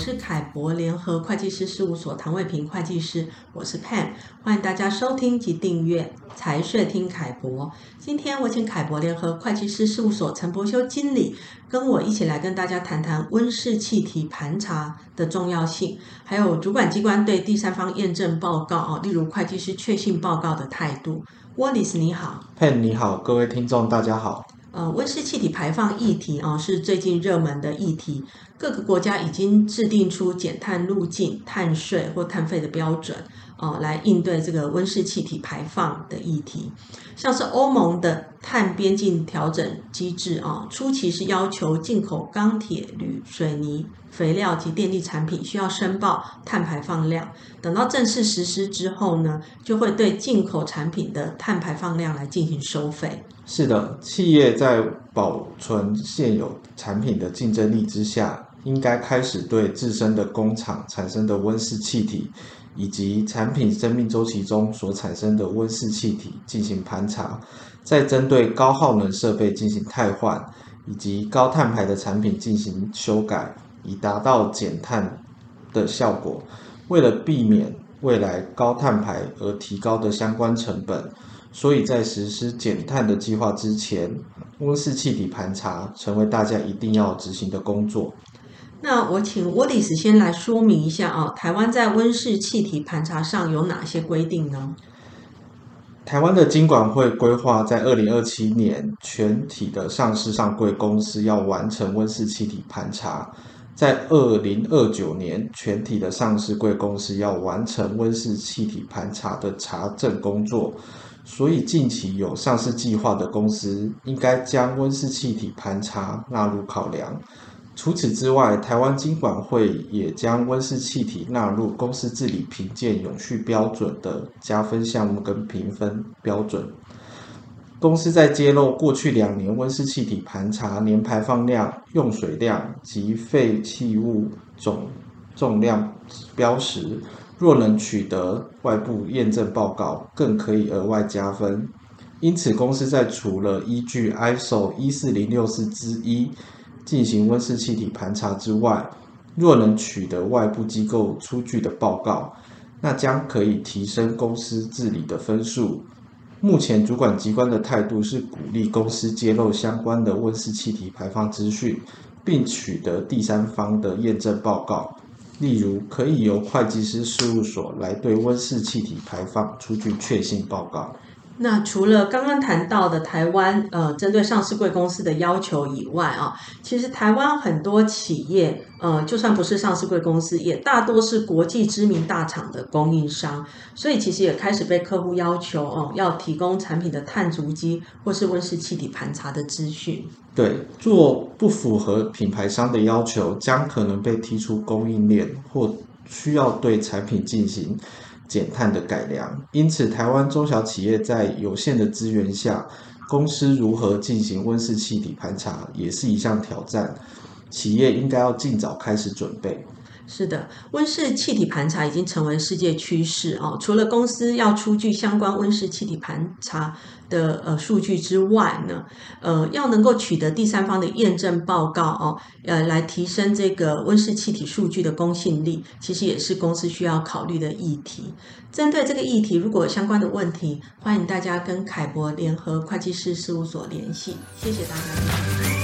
我是凱博聯合會計師事務所唐衛平會計師，我是 Pen，歡迎大家收聽及訂閱財稅聽凱博。今天我請凱博聯合會計師事務所陳博修經理跟我一起來跟大家談談溫室氣體盤查的重要性，還有主管機關對第三方驗證報告，哦，例如會計師確信報告的態度。Wallace，你好，Pen，你好，各位聽眾，大家好。呃，溫室氣體排放議題啊、哦，是最近熱門的議題。各個國家已經制定出減碳路徑、碳稅或碳費的標準啊、哦，來應對這個溫室氣體排放的議題。像是歐盟的碳邊境調整機制啊、哦，初期是要求進口鋼鐵、鋁、水泥、肥料及電力產品需要申報碳排放量。等到正式實施之後呢，就會對進口產品的碳排放量來進行收費。是的，企業在保存現有產品的競爭力之下，應該開始對自身的工廠產生的溫室氣體，以及產品生命週期中所產生的溫室氣體進行盤查，再針對高耗能設備進行汰換，以及高碳排的產品進行修改，以達到減碳的效果，為了避免未來高碳排而提高的相關成本。所以在實施減碳的計劃之前，溫室氣體盤查成為大家一定要執行的工作。那我請 Woody 先來說明一下啊、哦，台灣在溫室氣體盤查上有哪些規定呢？台灣的金管會規劃在二零二七年，全體的上市上櫃公司要完成溫室氣體盤查；在二零二九年，全體的上市櫃公司要完成溫室氣體盤查的查證工作。所以，近期有上市計劃的公司應該將溫室氣體盤查納入考量。除此之外，台灣金管會也將溫室氣體納入公司治理評鑑永續標準的加分項目跟評分標準。公司在揭露過去兩年溫室氣體盤查年排放量、用水量及廢棄物總重量標識。若能取得外部驗證報告，更可以額外加分。因此，公司在除了依據 ISO 一四零六四之一進行溫室氣體盤查之外，若能取得外部機構出具的報告，那將可以提升公司治理的分數。目前主管機關的態度是鼓勵公司揭露相關的溫室氣體排放資訊，並取得第三方的驗證報告。例如，可以由會計師事務所來對溫室氣體排放出具確信報告。那除了剛剛談到的台灣呃，針對上市櫃公司的要求以外啊，其實台灣很多企業呃，就算不是上市櫃公司也，也大多是國際知名大廠的供應商，所以其實也開始被客戶要求哦、呃，要提供產品的碳足跡或是溫室氣體盤查的資訊。對，做不符合品牌商的要求，將可能被踢出供應鏈，或需要對產品進行。減碳的改良，因此台灣中小企業在有限的資源下，公司如何進行溫室氣體盤查也是一項挑戰，企業應該要盡早開始準備。是的，溫室氣體盤查已經成為世界趨勢哦。除了公司要出具相關溫室氣體盤查的呃數據之外呢，呃，要能夠取得第三方的驗證報告哦，呃，來提升這個溫室氣體數據的公信力，其實也是公司需要考慮的議題。針對這個議題，如果有相關的問題，歡迎大家跟凱博聯合會計師事務所聯繫。謝謝大家。謝謝。